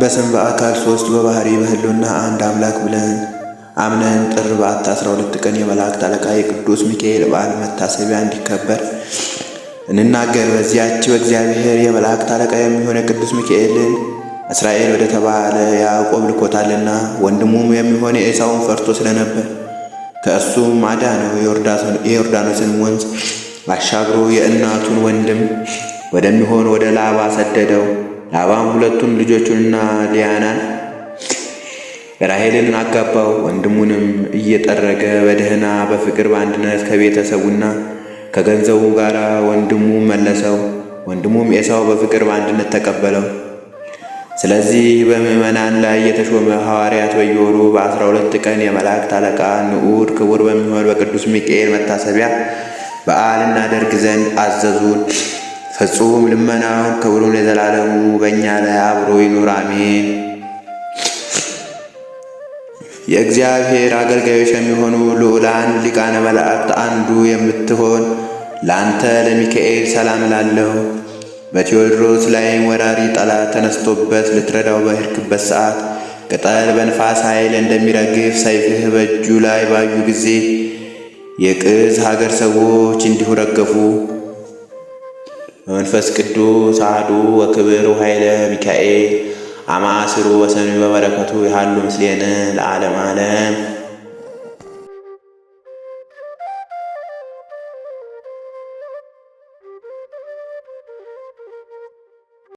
በስም በአካል ሶስት በባህሪ በህልውና አንድ አምላክ ብለን አምነን ጥር በአት 12 ቀን የመላእክት አለቃ የቅዱስ ሚካኤል በዓል መታሰቢያ እንዲከበር እንናገር። በዚያች በእግዚአብሔር የመላእክት አለቃ የሚሆነ ቅዱስ ሚካኤልን እስራኤል ወደ ተባለ ያዕቆብ ልኮታልና ወንድሙም የሚሆነ ኤሳውን ፈርቶ ስለነበር ከእሱም አዳነው። የዮርዳኖስን ወንዝ አሻግሮ የእናቱን ወንድም ወደሚሆን ወደ ላባ ሰደደው። ላባም ሁለቱን ልጆቹንና ሊያናን ራሔልን አጋባው። ወንድሙንም እየጠረገ በደህና በፍቅር በአንድነት ከቤተሰቡና ከገንዘቡ ጋር ወንድሙ መለሰው። ወንድሙም ኤሳው በፍቅር በአንድነት ተቀበለው። ስለዚህ በምዕመናን ላይ የተሾመ ሐዋርያት በየወሩ በአስራ ሁለት ቀን የመላእክት አለቃ ንዑድ ክቡር በሚሆን በቅዱስ ሚካኤል መታሰቢያ በዓል እናደርግ ዘንድ አዘዙን። ፍጹም ልመናውን ክብሩ ለዘላለሙ በእኛ ላይ አብሮ ይኑር፣ አሜን። የእግዚአብሔር አገልጋዮች የሚሆኑ ልዑላን ሊቃነ መላእክት አንዱ የምትሆን ለአንተ ለሚካኤል ሰላም ላለው በቴዎድሮስ ላይም ወራሪ ጠላት ተነስቶበት ልትረዳው በሄድክበት ሰዓት ቅጠል በንፋስ ኃይል እንደሚረግፍ ሰይፍህ በእጁ ላይ ባዩ ጊዜ የቅዝ ሀገር ሰዎች እንዲሁ ረገፉ። በመንፈስ ቅዱስ አህዱ ወክብር ኃይለ ሚካኤል አማስሩ ወሰኑ በበረከቱ የሃሉ ምስሌነ ለዓለም ዓለም